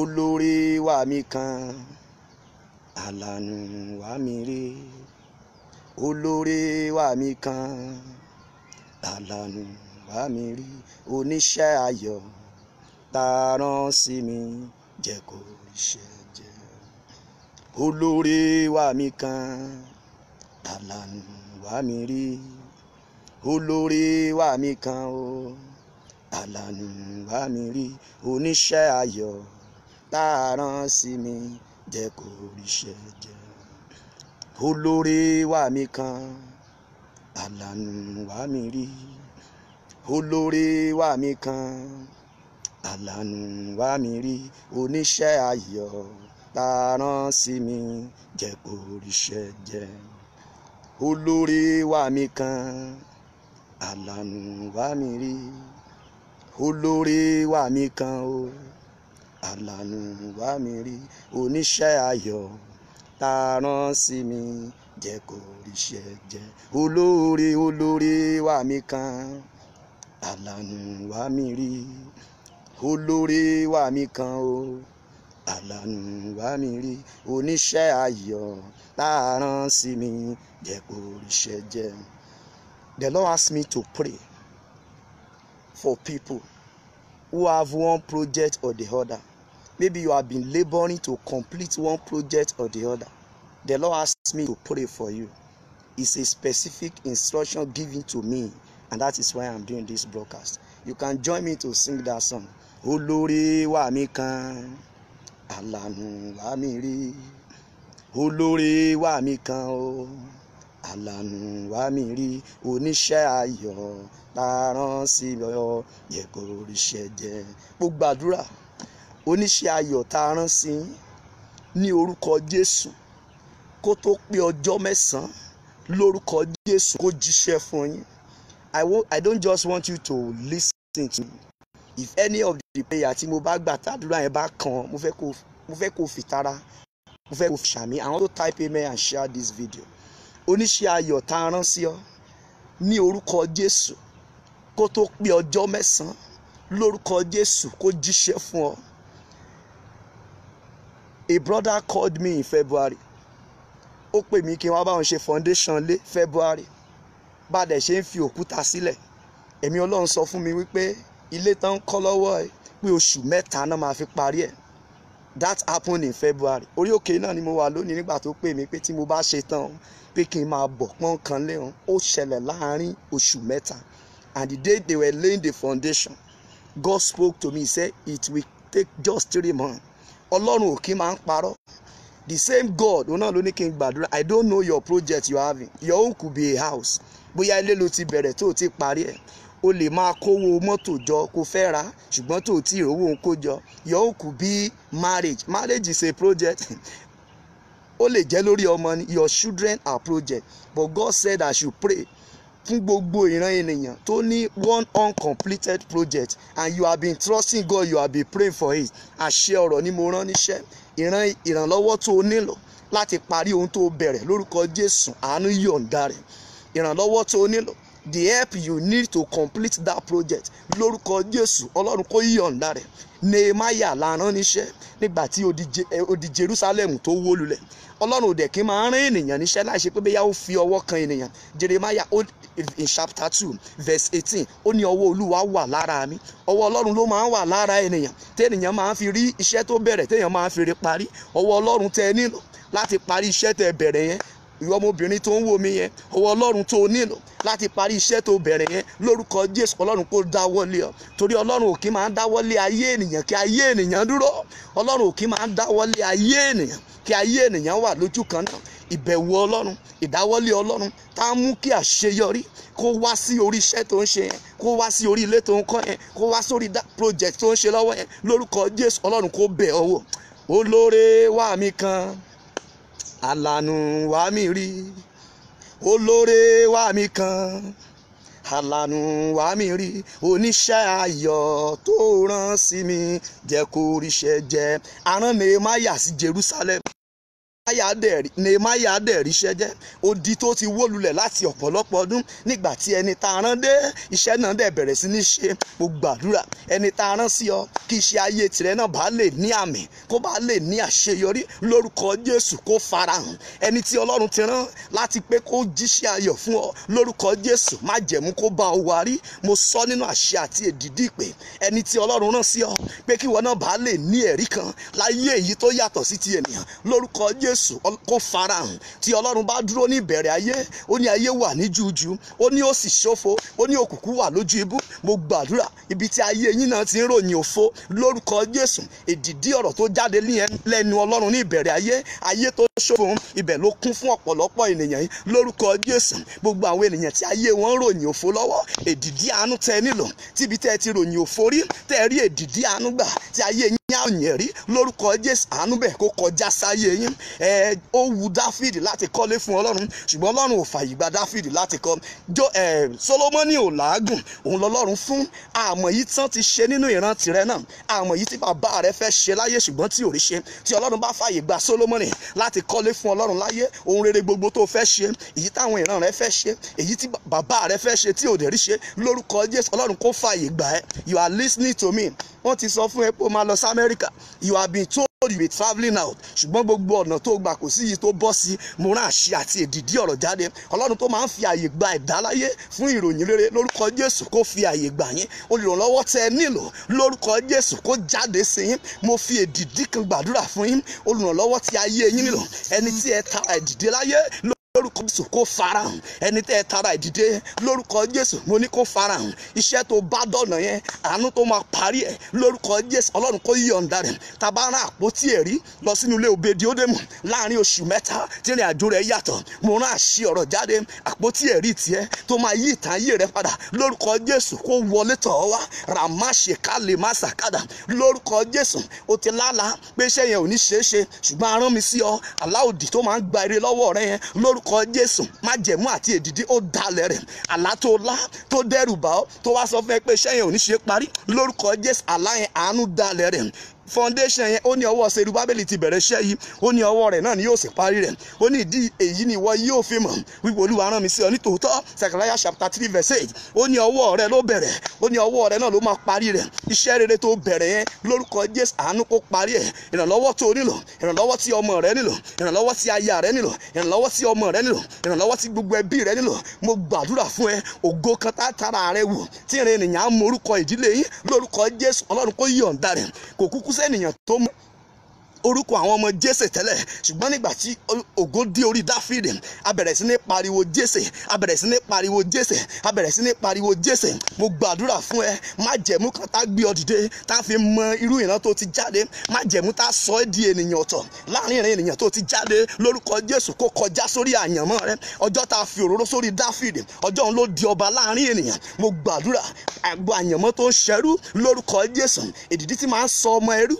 olóore wà mí kan àlànà wà mí rè olóore wà mí kan àlànà wà mí rè oníṣẹ́ ayọ̀ tààrán sí mi jẹ́ kó ṣe jẹ́ olóore wà mí kan àlànà wà mí rè olóore wà mí kan o àlànà wà mí rè oníṣẹ́ ayọ̀ tá a rán sí mi jẹ́ kó ríṣẹ́ jẹ́ olóore wà mí kan àlànà wà mí rí olóore wà mí kan àlànà wà mí rí oníṣẹ́ ayọ̀ tá a rán sí mi jẹ́ kó ríṣẹ́ jẹ́ olóore wà mí kan àlànà wà mí rí olóore wà mí kan o. Oh àlànà wá mi rí oníṣẹ́ ayọ̀ tá a rán sí mi jẹ́ kó ríṣẹ́ jẹ́ olóore olóore wá mi kan àlànà wá mi rí olóore wá mi kan o àlànà wá mi rí oníṣẹ́ ayọ̀ tá a rán sí mi jẹ́ kó ríṣẹ́ jẹ́. The Lord asked me to pray for people who have one project or the other Maybe you have been laboring to complete one project or the other. The Lord asked me to pray for you. It's a specific instruction given to me, and that is why I'm doing this broadcast. You can join me to sing that song. Olórí wa mi kan, àlànà wa mi rí. Olórí wa mi kan o, àlànà wa mi rí. Oníṣẹ́ ayọ̀ la rán sí ọ, yẹ kó ríṣẹ́ jẹ. Mo gbàdúrà oníṣẹ́ ayọ̀ tá a rán sí ní orúkọ Jésù kó tó pé ọjọ́ mẹ́sàn-án lórúkọ Jésù kó jíṣẹ́ fún yín I, don't just want you to listen to me if any of the prayer tí mo bá gbà tàdúrà yẹn bá kan mo fẹ́ kó fi tara mo fẹ́ kó fi ṣàmì àwọn tó type amen and share this video oníṣẹ́ ayọ̀ tá a rán sí ọ ní orúkọ Jésù kó tó pé ọjọ́ mẹ́sàn-án lórúkọ Jésù kó jíṣẹ́ fún ọ a brother called me in February ó pè mí kí n wá bá wọn ṣe foundation lé February bá a dẹ̀ ṣe ń fi òkúta sílẹ̀ ẹ̀mí Ọlọ́run sọ fún mi wípé ilé tán ń kọ́ lọ́wọ́ ẹ pé oṣù mẹ́ta náà máa fi parí ẹ̀ that happened in February orí òkè náà ni mo wà lónìí nígbà tó pè mí pé tí mo bá ṣe tán pé kí n máa bọ̀ pọ́n kan léhun ó ṣẹlẹ̀ láàárín oṣù mẹ́ta and the day they were laying the foundation God spoke to me say it will take just three months ọlọ́run ò kí máa ń parọ́ the same God òun náà ló ní kí n gbàdúrà I don't know your project you are having your own could be a house bóyá ilé ló ti bẹ̀rẹ̀ tó ti parí ẹ̀ o lè máa kówó mọ́tò jọ kó fẹ́ ra ṣùgbọ́n tó ti rówó ń kó jọ your own could be marriage marriage is a project ó lè jẹ́ lórí ọmọ ni your children are project but God said I should pray fún gbogbo ìran ènìyàn tó ní one uncompleted project and you have been trusting God you have been praying for it àṣẹ ọ̀rọ̀ ni mo rán níṣẹ́ ìran ìrànlọ́wọ́ tó o nílò láti parí ohun tó o bẹ̀rẹ̀ lórúkọ Jésù àánú yọ̀ǹda rẹ̀ ìrànlọ́wọ́ tó o nílò the help you need to complete that project lórúkọ Jésù Ọlọ́run kó yọ̀ǹda rẹ̀ Nehemiah la rán níṣẹ́ nígbà tí odi eh, Jerusalem tó wó lulẹ̀ ọlọ́run ò dẹ̀ kí máa rán ènìyàn níṣẹ́ láìṣe pé bẹ́yà ó fi ọwọ́ kan ènìyàn jeremiah Old, in chapter two verse eighteen ó ní ọwọ́ olúwa wà lára mi ọwọ́ ọlọ́run ló máa ń wà lára ènìyàn téèyàn máa ń fi rí iṣẹ́ tó bẹ̀rẹ̀ téèyàn máa ń fi rí parí ọwọ́ ọlọ́run tẹ nílò láti parí iṣẹ́ tẹ bẹ̀rẹ̀ yẹn ìwọ ọmọbìnrin tó ń wò mí yẹn ọwọ́ ọlọ́run tó nílò láti parí iṣẹ́ tó bẹ̀rẹ̀ yẹn lórúkọ jésù ọlọ́run kó dáwọ́lé ọ torí ọlọ́run òkè máa ń dáwọ́lé ayé ènìyàn kí ayé ènìyàn dúró ọlọ́run òkè máa ń dáwọ́lé ayé ènìyàn kí ayé ènìyàn wà lójú kan náà ìbẹ̀wò ọlọ́run ìdáwọ́lé ọlọ́run tá a mú kí àṣeyọrí kó wá sí orí iṣẹ́ tó ń ṣe yẹn kó wá sí orí ilé tó ń kọ́ yẹn kó wá sórí project tó ń ṣe lọ́wọ́ yẹn lórúkọ jésù ọlọ́run kó bẹ̀ ọ́ wò olóore wà mí kan àlànà wá mi rí olóore wá mi kan àlànà wá mi rí oníṣẹ́ ayọ̀ tó rán sí mi jẹ́ kó ríṣẹ́ jẹ́ aránmẹ́ máyà sí Jerusalem nehemiah dẹ̀ ríṣẹ́ jẹ́ odi tó ti wó lulẹ̀ láti ọ̀pọ̀lọpọ̀ ọdún nígbà tí ẹni tá a rán dé iṣẹ́ náà dẹ̀ bẹ̀rẹ̀ sí ní ṣe mo gbàdúrà ẹni tá a rán sí ọ kí iṣẹ́ ayé tirẹ̀ náà bá lè ní àmì kó bá lè ní àṣeyọrí lórúkọ jésù kó farahàn ẹni tí ọlọ́run ti rán láti pé kó jíṣẹ́ ayọ̀ fún ọ lórúkọ jésù má jẹ̀mú kó bá ọ wárí mo sọ nínú àṣẹ àti èdìdí pé ẹni tí ọlọ́run rán sí ọ pé kíwọ náà bá lè ní ẹ̀rí kan láyé èyí tó yàtọ̀ sí ti ènìyàn lórúkọ jésù jésù kó farahàn tí ọlọ́run bá dúró ní ìbẹ̀rẹ̀ ayé ó ní ayé wà ní jújú ó ní ó ṣófo ó ní òkùnkùn wà lójú ibú mo gbàdúrà ibi tí ayé yín náà ti ń ròyìn òfo lórúkọ jésù èdìdí ọ̀rọ̀ tó jáde lẹ́nu ọlọ́run ní ìbẹ̀rẹ̀ ayé ayé tó ṣófo ibẹ̀ ló kún fún ọ̀pọ̀lọpọ̀ ènìyàn yìí lórúkọ jésù gbogbo àwọn ènìyàn tí ayé wọn ròyìn òfo lọ́wọ́ èdìdí àánú tẹ nílò tíbi tẹ ti ròyìn òfo rí tẹ rí èdìdí àánú gbà tí ayé yín àyẹ̀rí lórúkọ jésù àánú bẹ̀ kó kọjá sáyé yín ó wu Dáfídì láti kọ́lé fún Ọlọ́run ṣùgbọ́n Ọlọ́run ò fàyè gba Dáfídì láti kọ́ Sólómọ́nì ò làágùn òun lọ́lọ́run fún àmọ̀ yìí tán ti ṣe nínú ìran tìrẹ náà àmọ̀ yìí tí bàbá rẹ fẹ́ ṣe láyé ṣùgbọ́n tí ò rí ṣe tí Ọlọ́run bá fàyè gba Sólómọ́nì láti kọ́lé fún Ọlọ́run láyé ohun rere gbogbo tó fẹ́ ṣe èyí táwọn ìran rẹ fẹ́ ṣe èyí tí bàbá rẹ fẹ́ ṣe tí ò dẹ̀ rí ṣe lórúkọ Jésù Ọlọ́run kó fàyè gbà ẹ́ you are listening to me wọ́n ti sọ fún ẹ pé o máa lọ sí Amẹ́ríkà you have been told you be travelling out ṣùgbọ́n gbogbo ọ̀nà tó gbà kò sí yìí tó bọ́ sí mo rán àṣẹ àti èdìdí ọ̀rọ̀ jáde ọlọ́run tó máa ń fi àyè gba ìdáláyé fún ìròyìn rere lórúkọ jésù kó fi àyè gbà yín olùrànlọ́wọ́ tẹ ẹ nílò lórúkọ jésù kó jáde sí yín mo fi èdìdí kan gbàdúrà fún yín olùrànlọ́wọ́ ti ayé yín nílò ẹni tí ẹ ta èdìdí láyé l lórúkọ jésù kó farahàn ẹni tẹ́ ẹ tara ìdìde lórúkọ jésù mo ní kó farahàn iṣẹ́ tó bá dọ̀nà yẹn àánú tó máa parí ẹ̀ lórúkọ jésù ọlọ́run kó yọ̀ǹda rẹ̀ tàbá rán àpótí ẹ̀rí lọ sínú ilé òbèdì ódèmù láàrin oṣù mẹ́ta tí ìrìn àjò rẹ̀ yàtọ̀ mo rán àṣì ọ̀rọ̀ jáde àpótí ẹ̀rí tiẹ̀ tó máa yí ìtàn ayé rẹ̀ padà lórúkọ jésù kó wọlé tọ̀ ọ́ wá ràmáṣeká lè má sàkádà lórúkọ jésù ó ti lálàá pé iṣẹ́ yẹn ò ní ṣeé ṣùgbọ́n arán mi sí ọ aláòdì tó máa ń gba eré lọ́wọ́ rẹ yẹn lórúkọ lórúkọ jésù májẹ̀mú àti èdìdí ó dalẹ̀ rẹ̀ àlá tó lá tó dẹ́rù bá ọ tó wá sọ fún ẹ pé sẹ́yìn ò ní ṣe parí lórúkọ jésù àlá yẹn àánú dalẹ̀ rẹ̀ foundation yẹn ó ní ọwọ́ ṣerú bábélì ti bẹ̀rẹ̀ iṣẹ́ yìí ó ní ọwọ́ rẹ̀ náà ni yóò sì parí rẹ̀ ó ní ìdí èyí ni ìwọ yóò fi mọ̀ wípé olúwa rán mi sí ọ ní tòótọ́ Zechariah chapter three verse eight ó ní ọwọ́ rẹ̀ ló bẹ̀rẹ̀ ó ní ọwọ́ rẹ̀ náà ló máa parí rẹ̀ iṣẹ́ rere tó bẹ̀rẹ̀ yẹn lórúkọ Jésù àánú kó parí ẹ̀ ìrànlọ́wọ́ tó nílò ìrànlọ́wọ́ tí ọmọ rẹ nílò ìrànlọ́wọ́ tí aya rẹ nílò ìrànlọ́wọ́ tí ọmọ rẹ nílò ìrànlọ́wọ́ tí gbogbo ẹbí rẹ nílò mo gbàdúrà fún ẹ ògo kan tá tara rẹ wò tí ìrìn ènìyàn á mọ orúkọ ìdílé yín lórúkọ Jésù Ọlọ́run kó yọ̀ǹda rẹ̀ kò kúkú usaniya toma. orúkọ àwọn ọmọ jésè tẹ́lẹ̀ ṣùgbọ́n nígbà tí ògo dé orí dáfídì a bẹ̀rẹ̀ sí ní pariwo jésè a bẹ̀rẹ̀ sí ní pariwo jésè a bẹ̀rẹ̀ sí ní pariwo jésè mo gbàdúrà fún ẹ májẹ̀mú kan tá gbé ọ dìde tá fi mọ irú ìran tó ti jáde májẹ̀mú tá sọ ẹ́ di ènìyàn ọ̀tọ̀ láàrin ìran ènìyàn tó ti jáde lórúkọ jésù kó kọjá sórí àyànmọ́ rẹ ọjọ́ tá a fi òróró sórí dáfídì ọjọ́ òun ló di ọba láàrin ènìyàn mo gbàdúrà àgbo àyànmọ́ tó ń ṣẹrú lórúkọ jésù èdìdí tí máa ń sọ ọmọ ẹrú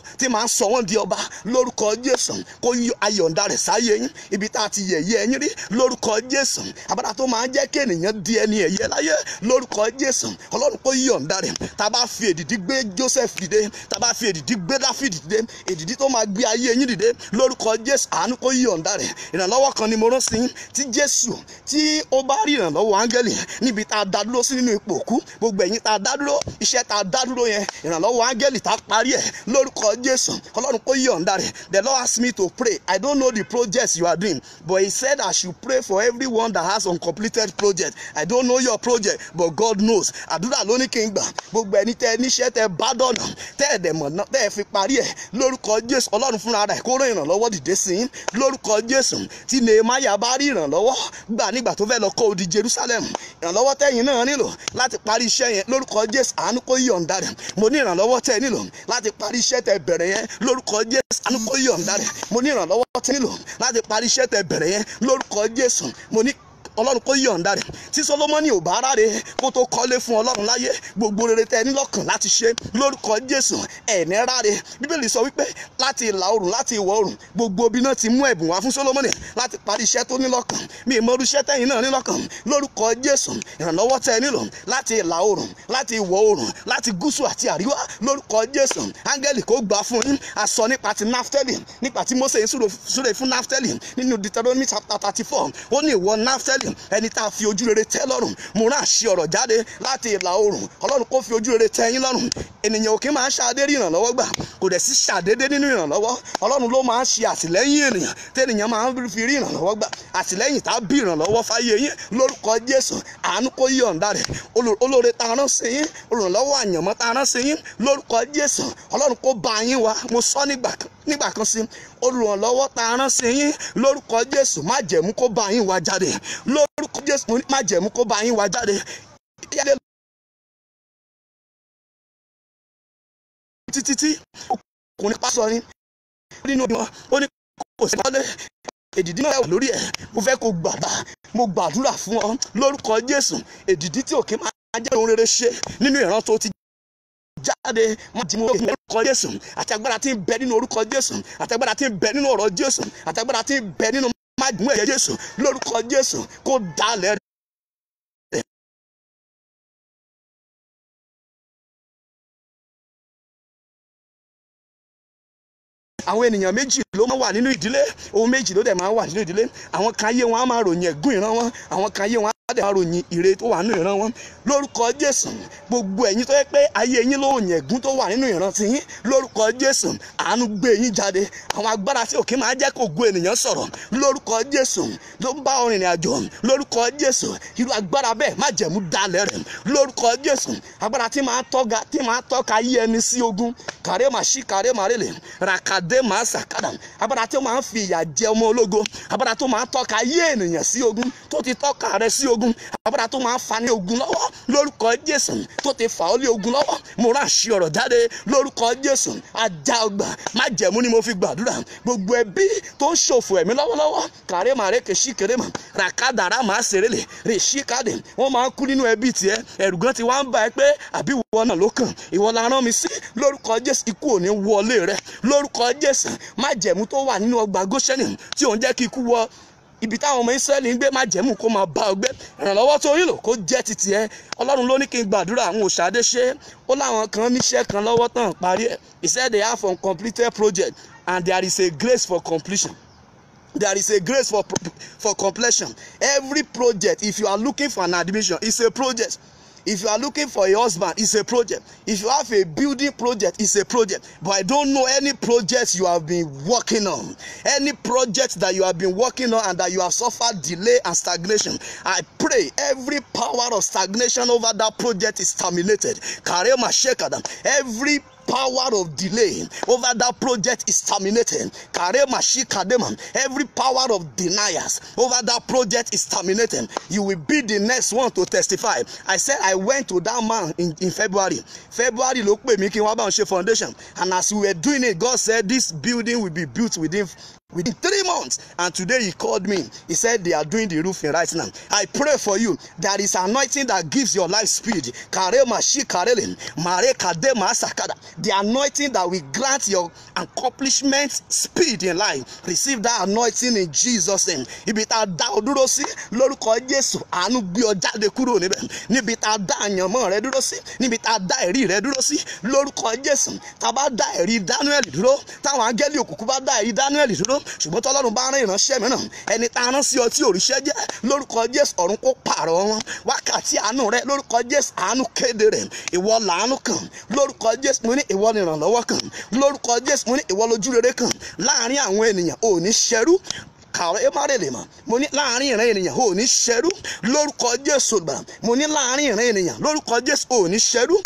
di ọba lórúkọ Jésù kó ayọ̀ǹda rẹ̀ sáyé yín ibi tá a ti yẹ̀yẹ́ yín rí lórúkọ Jésù abada tó máa jẹ́ kí ènìyàn di ẹni ẹ̀yẹ láyé lórúkọ Jésù ọlọ́run kó yọ̀ǹda rẹ̀ tá a bá fi èdìdí gbé Joseph dìde tá a bá fi èdìdí gbé Dáfídì dìde èdìdí tó máa gbé ayé yín dìde lórúkọ Jésù àánú kó yọ̀ǹda rẹ̀ ìrànlọ́wọ́ kan ni mo rán sí tí Jésù tí ó bá rí ìrànlọ́wọ́ áńgẹ́lì níbi tá a dá dúró sí nínú ipò òkú gbogbo ẹ̀yin tá a dá dúró iṣẹ́ tá a dá dúró yẹn ìrànlọ́wọ́ áńgẹ́lì tá a parí ẹ̀ lórúkọ Jésù ọlọ́run kó yọ̀ǹda r The Lord asked me to pray. I don't know the projects you are doing, but He said I should pray for everyone that has uncompleted project. I don't know your project, but God knows. Àdúrà ló ní kí n gbà. Gbogbo ẹni tẹ níṣẹ́ tẹ bá dọ̀nà tẹ ẹ̀dẹ̀ mọ̀ náà tẹ ẹ fi parí ẹ̀ lórúkọ Jésù Ọlọ́run fúnra rẹ̀ kó rán ìrànlọ́wọ́ dìde sí i lórúkọ Jésù tí Nehemiah bá rí ìrànlọ́wọ́ gbà nígbà tó fẹ́ lọ kọ́ odi Jerusalem ìrànlọ́wọ́ tẹ̀yìn náà nílò láti parí iṣẹ́ yẹn lórúkọ Jésù àánú kó yọ̀ǹda rẹ̀ mo ní ìrànlọ́wọ́ tẹ̀ nílò láti parí iṣẹ́ tẹ bẹ̀rẹ̀ yẹn lórúkọ Jésù àánú kó yọ̀ǹda rẹ̀ mo ní ìrànlọ́wọ́ tí nílò láti parí iṣẹ́ tẹ́ bẹ̀rẹ̀ yẹn lórúkọ Jésù mo ní ọlọ́run kó yọ̀ǹda rẹ̀ tí solomoni ò bá ráre kó tó kọ́lé fún ọlọ́run láyé gbogbo rere tẹ ní lọ́kàn láti ṣe lórúkọ jésù ẹ̀ní ráre bíbélì sọ wípé láti ìlà oòrùn láti ìwọ̀ oòrùn gbogbo ibi náà ti mú ẹ̀bùn wá fún solomoni láti parí iṣẹ́ tó ní lọ́kàn mi ìmọ̀rú iṣẹ́ tẹ̀yìn náà ní lọ́kàn lórúkọ jésù ìrànlọ́wọ́ tẹ nílò láti ìlà oòrùn láti ìwọ̀ oòrùn láti gúúsù àti àríwá lórúkọ jésù áńgẹ́lì kó gbà fún yín a sọ nípa ti naftali nípa ti Mósè ń súre fún naftali nínú deuteronomy chapter thirty four ó ní ìwọ naftali Isaac ẹni tá a fi ojú rere tẹ́ lọ́rùn mo rán àṣì ọ̀rọ̀ jáde láti ìlà oòrùn ọlọ́run kó fi ojú rere tẹ́ yín lọ́rùn ènìyàn ò kí máa ṣàdé rí ìrànlọ́wọ́ gbà kò dẹ̀ sí ṣàdédé nínú ìrànlọ́wọ́ ọlọ́run ló máa ń ṣe àtìlẹ́yìn ènìyàn tẹ́nìyàn máa ń fi rí ìrànlọ́wọ́ gbà àtìlẹ́yìn tá a bí ìrànlọ́wọ́ fáyé yín lórúkọ Jésù àánú kó yí ọ̀ǹda rẹ̀ olóore tá a rán sí yín olùrànlọ́wọ́ àyànmọ́ tá a rán sí yín lórúkọ Jésù ọlọ́run kó bá yín wá mo sọ nígbà kan sí olùrànlọ́wọ́ tá a rán sí yín lórúkọ jésù mo ní má jẹ̀mú kó bá yín wá jáde ìyáálé lọ. títí tí ọkùnrin pa sọ ni nínú ọdún ó ní kò sí kọ́lé èdìdí náà wà lórí ẹ̀ mo fẹ́ kó gbàgbà mo gbàdúrà fún ọ lórúkọ jésù èdìdí tí òkè máa jẹ́ ohun rere ṣe nínú ìran tó ti jáde máa di mo lókè lórúkọ jésù àti agbára tí ń bẹ nínú orúkọ jésù àti agbára tí ń bẹ nínú ọ̀rọ̀ jésù àti agbára tí ń bẹ nínú májùmọ́ ẹ̀jẹ̀ jésù lórúkọ jésù kó dalẹ̀ àwọn ènìyàn méjì ló máa wà nínú ìdílé ohun méjì ló dẹ̀ máa wà nínú ìdílé àwọn kan ayé wọn á máa ròyìn ẹ̀gún ìran wọn àwọn kan ayé wọn á dẹ̀ máa ròyìn ire tó wà nínú ìran wọn lórúkọ jésù gbogbo ẹ̀yin tó yẹ pé ayé yín ló ròyìn ẹ̀gún tó wà nínú ìran tiyín lórúkọ jésù àánú gbé yín jáde àwọn agbára tí òkè máa jẹ́ kó gun ènìyàn sọ̀rọ̀ lórúkọ jésù ló ń bá orin ìrìn àjò lórúkọ jésù irú agbára bẹ́ẹ̀ má jẹ̀mú dalẹ̀ rẹ̀ lórúkọ jésù agbára tí máa tọ́ka ayé ẹni sí ogun kàrẹ́ màṣí kàrẹ́ màrẹ́lẹ̀ ràkàd dé máa sàkádà agbára tí máa ń fi ìyà jẹ ọmọ ológo agbára tó máa ń tọ́ka ayé ènìyàn sí ogun tó ti tọ́ka rẹ sí ogun agbára tó máa ń fa ogun lọ́wọ́ lórúkọ Jésù tó ti fà ọ́ lé ogun lọ́wọ́ mo rán àṣì ọ̀rọ̀ jáde lórúkọ Jésù ajá ọgbà má jẹ̀mú ni mo fi gbàdúrà gbogbo ẹbí tó ń ṣòfò ẹ̀mí lọ́wọ́lọ́wọ́ kàrẹ́ màrẹ́ kèṣí kéré mà ràkàdàrà màá ṣerélè rè ṣí káde wọ́n máa ń kú nínú ẹbí tiẹ̀ ẹ̀rùgán ti wá ń bá ẹ pé àbí ìwọ náà ló kàn la rán mi sí lórúkọ Jésù ikú ò ní wọlé rẹ lórúkọ Jésù jésù májẹ̀mú tó wà nínú ọgbà góṣẹ́nì tí òun jẹ́ kí ikú wọ ibi táwọn ọmọ israẹli ń gbé májẹ̀mú kó máa bá ọ gbé ìrànlọ́wọ́ tó yín lò kó jẹ́ títì ẹ ọlọ́run ló ní kí n gbàdúrà àwọn òṣàdé ṣe ó láwọn kan níṣẹ́ kan lọ́wọ́ tán parí ẹ̀ he said they have completed project and there is a grace for completion there is a grace for for completion every project if you are looking for an admission it's a project if you are looking for a husband it's a project if you have a building project it's a project but i don't know any project you have been working on any project that you have been working on and that you have suffered delay and stagnation i pray every power of stagnation over that project is terminated karema shekadam every power of delay over that project is terminated. Every power of deniers over that project is terminated. You will be the next one to testify. I said I went to that man in, in February. February ló pè mí kí wọ́n bá ń ṣe foundation and as we were doing it God said this building will be built within within three months and today he called me he said they are doing the roofing right now i pray for you there is anointing that gives your life speed karema shikarelin mare kadema asakada the anointing that will grant your accomplishment speed in life receive that anointing in jesus name ibi tá a dá ọ dúró sí lórúkọ jésù àánú gbé ọ jáde kúrò níbẹ̀ níbi rẹ dúró sí níbi tá a dá rẹ dúró sí lórúkọ jésù tá a bá daniel dúró táwọn angẹ́lì òkùnkùn bá dá ẹ̀rí daniel dúró ṣùgbọ́n tọ́lọ́run bá rán ìránṣẹ́ mìíràn ẹni tá a rán sí ọ tí òrìṣẹ́ jẹ́ lórúkọ jésù ọ̀run kó pààrọ̀ wọn wákàtí àánú rẹ lórúkọ jésù àánú kéde rẹ ìwọ làánú kan lórúkọ jésù mo ní ìwọ ìrànlọ́wọ́ kan lórúkọ jésù mo ní ìwọ lójú kan láàárín àwọn ènìyàn ò ní ṣẹrú kàrọ ẹ má rèlè mọ mo ní láàrin ìran ènìyàn ò ní ṣẹrú lórúkọ jésù gbà mo ní láàrin ìran ènìyàn lórúkọ jésù ò ní ṣẹrú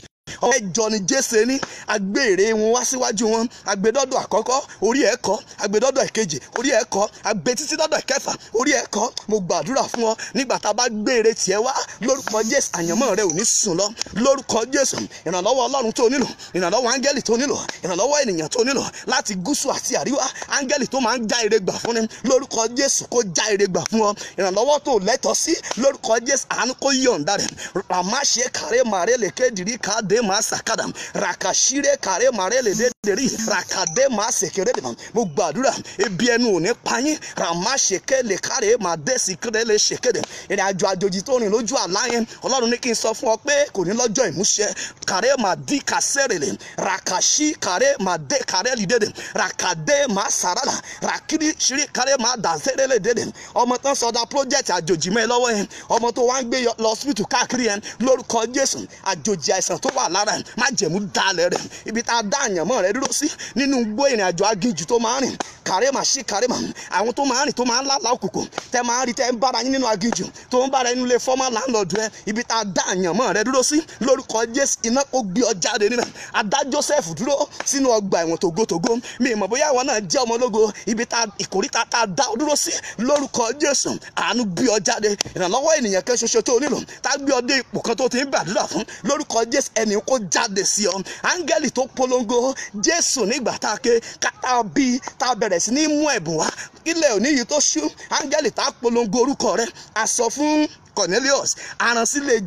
ọmọ ẹjọ ni jésè ní agbèrè wọn wá síwájú wọn agbẹdọdọ àkọ́kọ́ orí ẹ kọ agbẹdọdọ ìkejì orí ẹ kọ agbẹ títí dọdọ ìkẹfà orí ẹ kọ mo gbàdúrà fún ọ nígbà tá a bá gbèrè tiẹ̀ wá lórúkọ jésù àyànmọ́ rẹ ò ní sùn lọ lórúkọ jésù ìrànlọ́wọ́ ọlọ́run tó nílò ìrànlọ́wọ́ áńgẹ́lì tó nílò ìrànlọ́wọ́ ènìyàn tó nílò láti gúúsù àti àríwá áńgẹ́lì tó máa ń já ire gbà fún ni lórúkọ jésù kó já ire gbà fún ọ ìrànlọ́wọ́ tó lẹ́tọ̀ọ́ sí lórúkọ jésù àánú kó yọ̀ǹda rẹ̀ ràmáṣe kàrẹ́ màrẹ́ lèkédìrí káde kare ma sakada rakasire kare mare lè rakade ma sekere dèmà mo gbàdúrà ebi ẹnu ò ní payín rama seke lè kare ma dé sikere lè sekere ìrìn àjò àjòjì tó rìn lójú àlá yẹn ọlọ́run ní kí n sọ fún ọ pé kò ní lọ́jọ́ ìmúṣẹ kare ma di kasẹ́rẹ̀lẹ̀ rakashi kare ma dé kare lè dédé rakade ma sarala rakiri siri kare ma dàsẹ́rẹ̀ lè dédé ọmọ tán sọdá project àjòjì mẹ́ lọ́wọ́ yẹn ọmọ tó wá ń gbé lọ hospital káàkiri yẹn lórúkọ jésù àjòjì àìsàn tó wà wà lára ẹ̀ má jẹ̀mú dalẹ̀ rẹ̀ ibi tá a dá àyànmọ́ rẹ̀ dúró sí nínú gbó ìrìn àjò aginjù tó máa rìn kàrẹ́mà sí kàrẹ́mà àwọn tó máa rìn tó máa ń lálàá òkùnkùn tẹ́ máa rí tẹ́ ń bára yín nínú aginjù tó ń bára inú ilé fọ́mà láńlọ́ọ̀dù ẹ ibi tá a dá àyànmọ́ rẹ̀ dúró sí lórúkọ Jésù iná kó gbé ọ jáde níbẹ̀ a Joseph dúró sínú ọgbà ẹ̀wọ̀n tògótògó mi ìmọ̀ bóyá ìwọ náà jẹ́ ọmọlógo ibi tá ìkórìtà tá a dá ọ dúró sí lórúkọ Jésù àánú gbé ọ jáde ìrànlọ́wọ́ ènìyàn kan ṣoṣo tó nílò tá a gbé ọ dé ipò kan tó ti ń gbàdúrà fún lórúkọ Jésù ẹni yìí kó jáde sí ọ áńgẹ́lì tó polongo jésù nígbà tá a ké tá a bí tá a bẹ̀rẹ̀ sí ní mú ẹ̀bùn wá ilẹ̀ òní yìí tó ṣú áńgẹ́lì tá a polongo orúkọ rẹ̀ a sọ fún Cornelius aransílẹ̀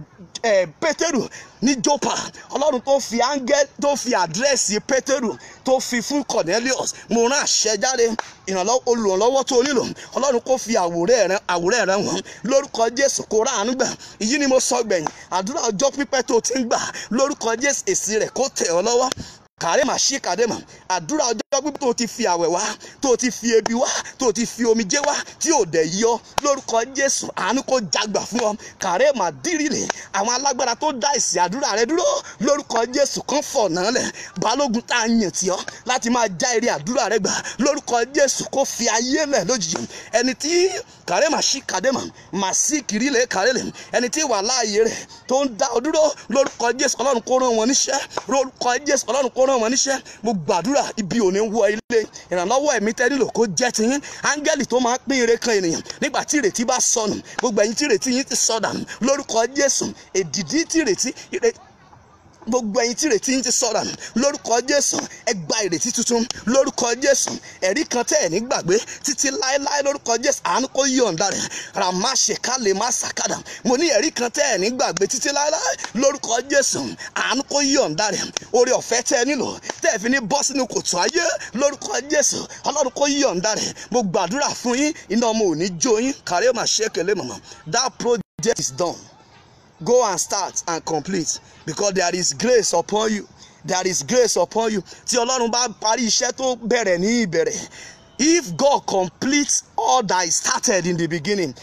Eh, pétérù ní jọ́pà ọlọ́run tó fi áńgẹ́l tó fi àdírẹ́sì pétérù tó fi fún cornelius mo rán àṣẹ jáde ìrànlọ́wọ́ olùrànlọ́wọ́ tó nílò ọlọ́run kò fi àwòrẹ́ rẹ àwòrẹ́ rẹ wọ́n lórúkọ jésù kó rà ánú gbà èyí ni mo sọ gbẹ̀yìn àdúrà ọjọ́ pípẹ́ tó ti ń gbà lórúkọ jésù èsì rẹ̀ kó tẹ̀ ọ́ lọ́wọ́ kàrẹ́mà sí kàrẹ́mà àdúrà ọjọ́ gbígbó tó ti fi àwẹ̀ wá tó ti fi ebi wá tó ti fi omijé wá tí ò dẹ̀ yọ lórúkọ jésù àánú kó jagbà fún ọ kàrẹ́ mà dírìlì àwọn alágbára tó dá ìsì àdúrà rẹ dúró lórúkọ jésù kan fọ̀ náà lẹ̀ balógun tá a yàn tí ọ láti máa já eré àdúrà rẹ gbà lórúkọ jésù kó fi ayé lẹ̀ lójijì ẹni tí kàrẹ́ mà sí kàdémà mà sí kìrìlẹ̀ kàrẹ́ lẹ̀ ẹni tí wà láàyè rẹ̀ tó ń dá ọ dúró lórúkọ jésù ọlọ́run kó rán wọn níṣẹ́ lórúkọ jésù ọlọ́run kó rán wọn níṣẹ́ mo gbàdúrà ibi òní ń wọ ilé ìrànlọ́wọ́ ẹ̀mí tẹ́lílò kó jẹ́ tiyín áńgẹ́lì tó máa ń pín ire kan ènìyàn nígbà tí ìrètí bá sọnù gbogbo ẹ̀yin tí ìrètí yín ti sọdà lórúkọ Jésù èdìdí tí ìrètí gbogbo ẹ̀yin tí ìrètí yín ti sọ̀rọ̀ lórúkọ jésù ẹ gba ìrètí tuntun lórúkọ jésù ẹ̀rí kan tẹ́ ẹ̀ ní gbàgbé títí láéláé lórúkọ jésù àánú kó yọ̀ǹda rẹ̀ ràmáṣeká lè má sàkádà mo ní ẹ̀rí kan tẹ́ ẹ̀ ní gbàgbé títí láéláé lórúkọ jésù àánú kó yọ̀ǹda rẹ̀ oore ọ̀fẹ́ tẹ́ ẹ nílò tẹ́ ẹ fi ní bọ́ sínú kòtò ayé lórúkọ jésù ọlọ́run kó yọ̀ǹda rẹ̀ mo gbàdúrà fún yín iná ọmọ òní jó yín kàrí ó mà ṣe é kele mọ̀mọ́ that project is done go and start and complete because there is grace upon you there is grace upon you tí ọlọ́run bá parí iṣẹ́ tó bẹ̀rẹ̀ ní ìbẹ̀rẹ̀ if God completes all that he started in the beginning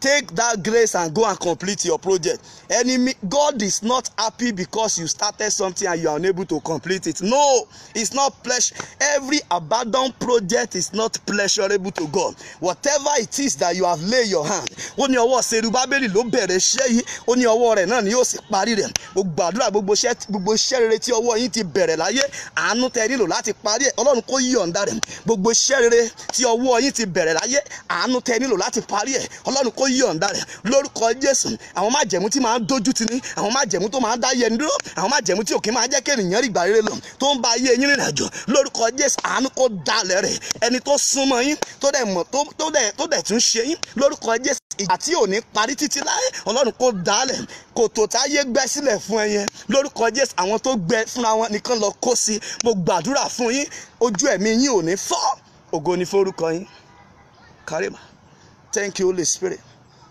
take that grace and go and complete your project enemy god is not happy because you started something and you are unable to complete it no it's not pleasure every abandoned project is not pleasurable to god whatever it is that you have laid your hand ó ní ọwọ́ serubabeli ló bẹ̀rẹ̀ iṣẹ́ yìí ó ní ọwọ́ rẹ̀ náà ni yóò sì parí rẹ̀ mo gbàdúrà gbogbo iṣẹ́ gbogbo iṣẹ́ rere tí ọwọ́ yín ti bẹ̀rẹ̀ láyé àánú tẹ nílò láti parí ẹ̀ ọlọ́run kó yọ̀ǹda rẹ̀ gbogbo iṣẹ́ rere tí ọwọ́ yín ti bẹ̀rẹ̀ láyé àánú tẹ nílò láti parí ẹ̀ ọlọ́run kó yọ̀ǹda rẹ̀ lórúkọ Jésù àwọn májẹ̀mú tí máa ń dojú ti ní àwọn májẹ̀mú tó máa ń dá yẹn dúró àwọn májẹ̀mú tí òkè máa jẹ́ kí ènìyàn rí ìgbà rere lọ tó ń ba ayé yín rìnrìn àjò lórúkọ Jésù àánú kó dalẹ̀ rẹ̀ ẹni tó súnmọ́ yín tó dẹ̀ mọ̀ tó dẹ̀ tún ṣe yín lórúkọ Jésù ìgbà tí ò ní parí títí láé ọlọ́run kó dalẹ̀ kòtò táyé gbẹ́ sílẹ̀ fún ẹ yẹn lórúkọ Jésù àwọn tó gbẹ fúnra wọn nìkan lọ kó sí mo gbàdúrà fún yín ojú ẹ̀mí yín ò ní fọ́ ògo ni fórúkọ yín kárìmà thank you Holy Spirit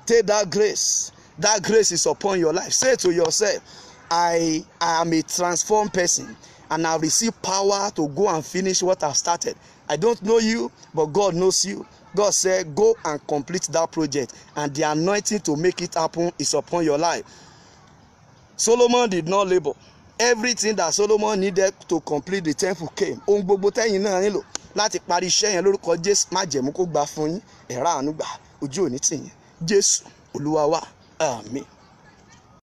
take that grace that grace is upon your life say to yourself i i am a transformed person and i receive power to go and finish what i started i don't know you but god knows you god said go and complete that project and the anointing to make it happen is upon your life solomon did not labour everything that solomon needed to complete the temple came ohun gbogbo tẹ́yìn náà nílò láti parí iṣẹ́ yẹn lórúkọ jésù májẹ̀mú kó gbà fún yín ẹ̀rá àánú gbà ojú òní tì yín jésù olúwa wa àmín.